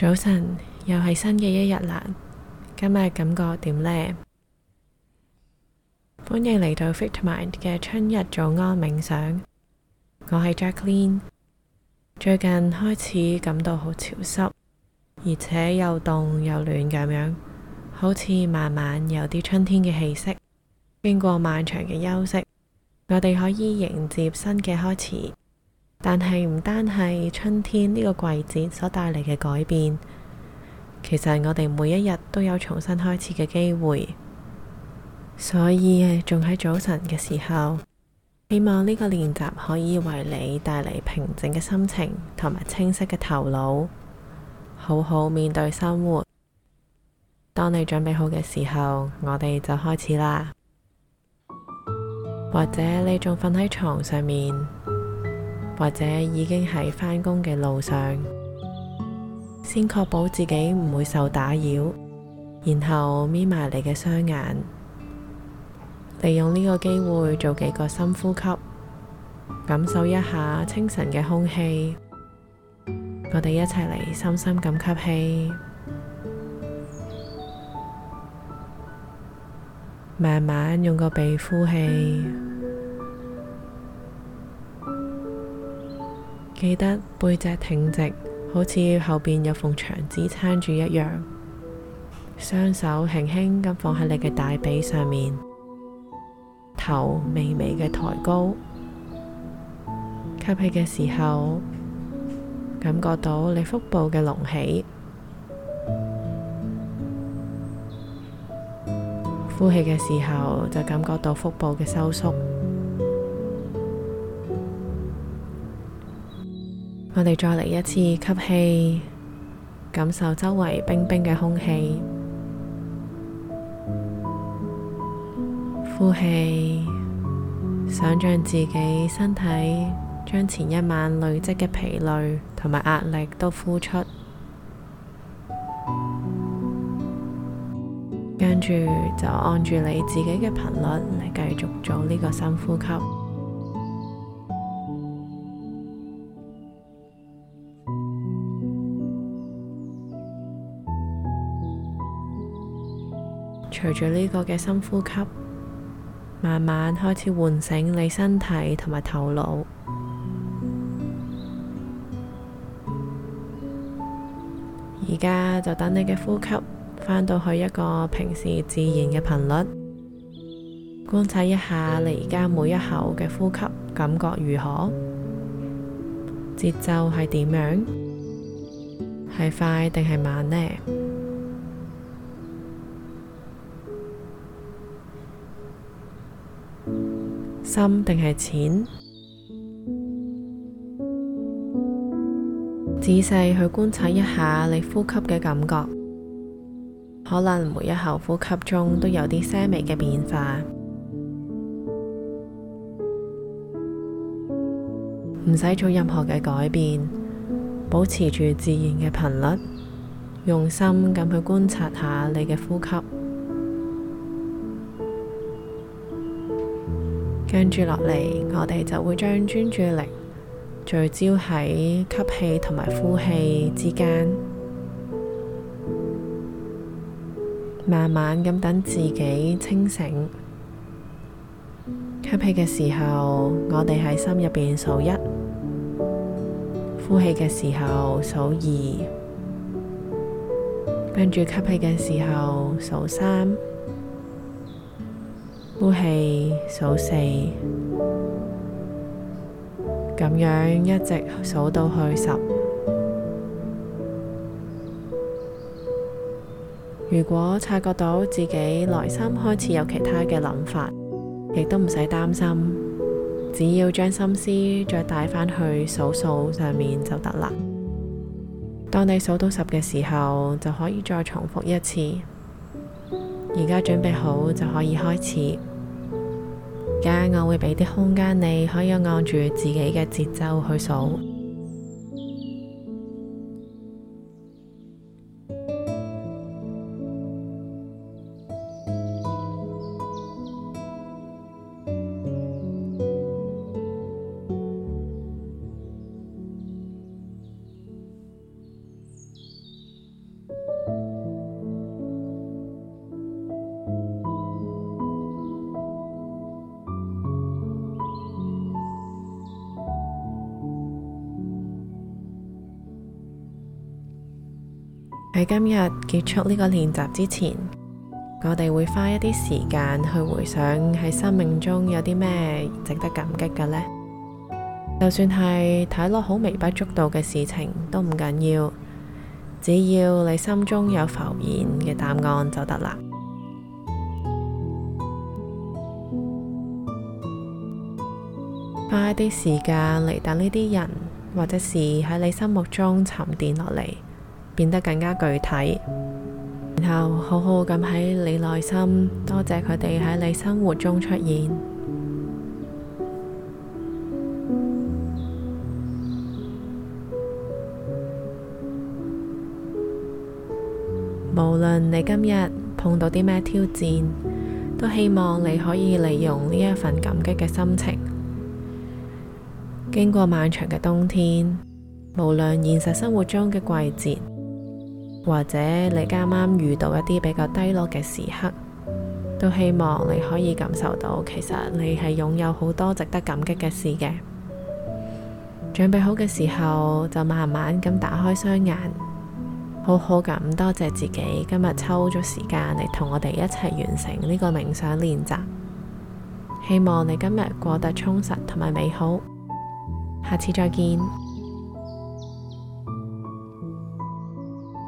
早晨，又係新嘅一日啦！今日感覺點呢？歡迎嚟到 FitMind 嘅春日早安冥想，我係 Jaclyn。最近開始感到好潮濕，而且又凍又暖咁樣，好似慢慢有啲春天嘅氣息。經過漫長嘅休息，我哋可以迎接新嘅開始。但係唔單係春天呢個季節所帶嚟嘅改變，其實我哋每一日都有重新開始嘅機會。所以仲喺早晨嘅時候，希望呢個練習可以為你帶嚟平靜嘅心情同埋清晰嘅頭腦，好好面對生活。當你準備好嘅時候，我哋就開始啦。或者你仲瞓喺床上面。或者已經喺返工嘅路上，先確保自己唔會受打擾，然後眯埋你嘅雙眼，利用呢個機會做幾個深呼吸，感受一下清晨嘅空氣。我哋一齊嚟深深咁吸氣，慢慢用個鼻呼氣。記得背脊挺直，好似後邊有埲牆支撐住一樣。雙手輕輕咁放喺你嘅大髀上面，頭微微嘅抬高。吸氣嘅時候，感覺到你腹部嘅隆起；呼氣嘅時候，就感覺到腹部嘅收縮。我哋再嚟一次吸氣，感受周圍冰冰嘅空氣，呼氣，想象自己身體將前一晚累積嘅疲累同埋壓力都呼出，跟住就按住你自己嘅頻率嚟繼續做呢個深呼吸。隨住呢個嘅深呼吸，慢慢開始喚醒你身體同埋頭腦。而家就等你嘅呼吸返到去一個平時自然嘅頻率，觀察一下你而家每一口嘅呼吸感覺如何，節奏係點樣，係快定係慢呢？深定係淺，仔細去觀察一下你呼吸嘅感覺，可能每一口呼吸中都有啲細微嘅變化。唔使做任何嘅改變，保持住自然嘅頻率，用心咁去觀察下你嘅呼吸。跟住落嚟，我哋就會將專注力聚焦喺吸氣同埋呼氣之間，慢慢咁等自己清醒。吸氣嘅時候，我哋喺心入邊數一；呼氣嘅時候數二；跟住吸氣嘅時候數三。呼氣，數四，咁樣一直數到去十。如果察覺到自己內心開始有其他嘅諗法，亦都唔使擔心，只要將心思再帶返去數數上面就得啦。當你數到十嘅時候，就可以再重複一次。而家準備好就可以開始，而家我會畀啲空間你，可以按住自己嘅節奏去數。喺今日結束呢個練習之前，我哋會花一啲時間去回想喺生命中有啲咩值得感激嘅呢。就算係睇落好微不足道嘅事情，都唔緊要，只要你心中有浮現嘅答案就得啦。花一啲時間嚟等呢啲人或者是喺你心目中沉澱落嚟，變得更加具體，然後好好咁喺你內心，多謝佢哋喺你生活中出現。無論你今日碰到啲咩挑戰，都希望你可以利用呢一份感激嘅心情，經過漫長嘅冬天，無論現實生活中嘅季節。或者你啱啱遇到一啲比較低落嘅時刻，都希望你可以感受到，其實你係擁有好多值得感激嘅事嘅。準備好嘅時候，就慢慢咁打開雙眼，好好咁多謝自己今日抽咗時間嚟同我哋一齊完成呢個冥想練習。希望你今日過得充實同埋美好，下次再見。